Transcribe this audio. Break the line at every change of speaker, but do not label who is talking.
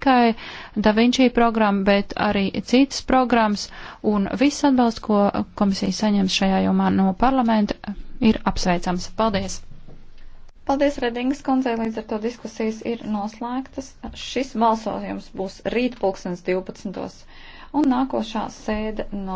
tikai DaVinci programma, bet arī citas programmas, un viss atbalsts, ko komisija saņems šajā jomā no parlamenta, ir apsveicams. Paldies!
Paldies, Redingas kundzei, līdz ar to diskusijas ir noslēgtas. Šis balsojums būs rīt pulkstens 12. un nākošā sēde no.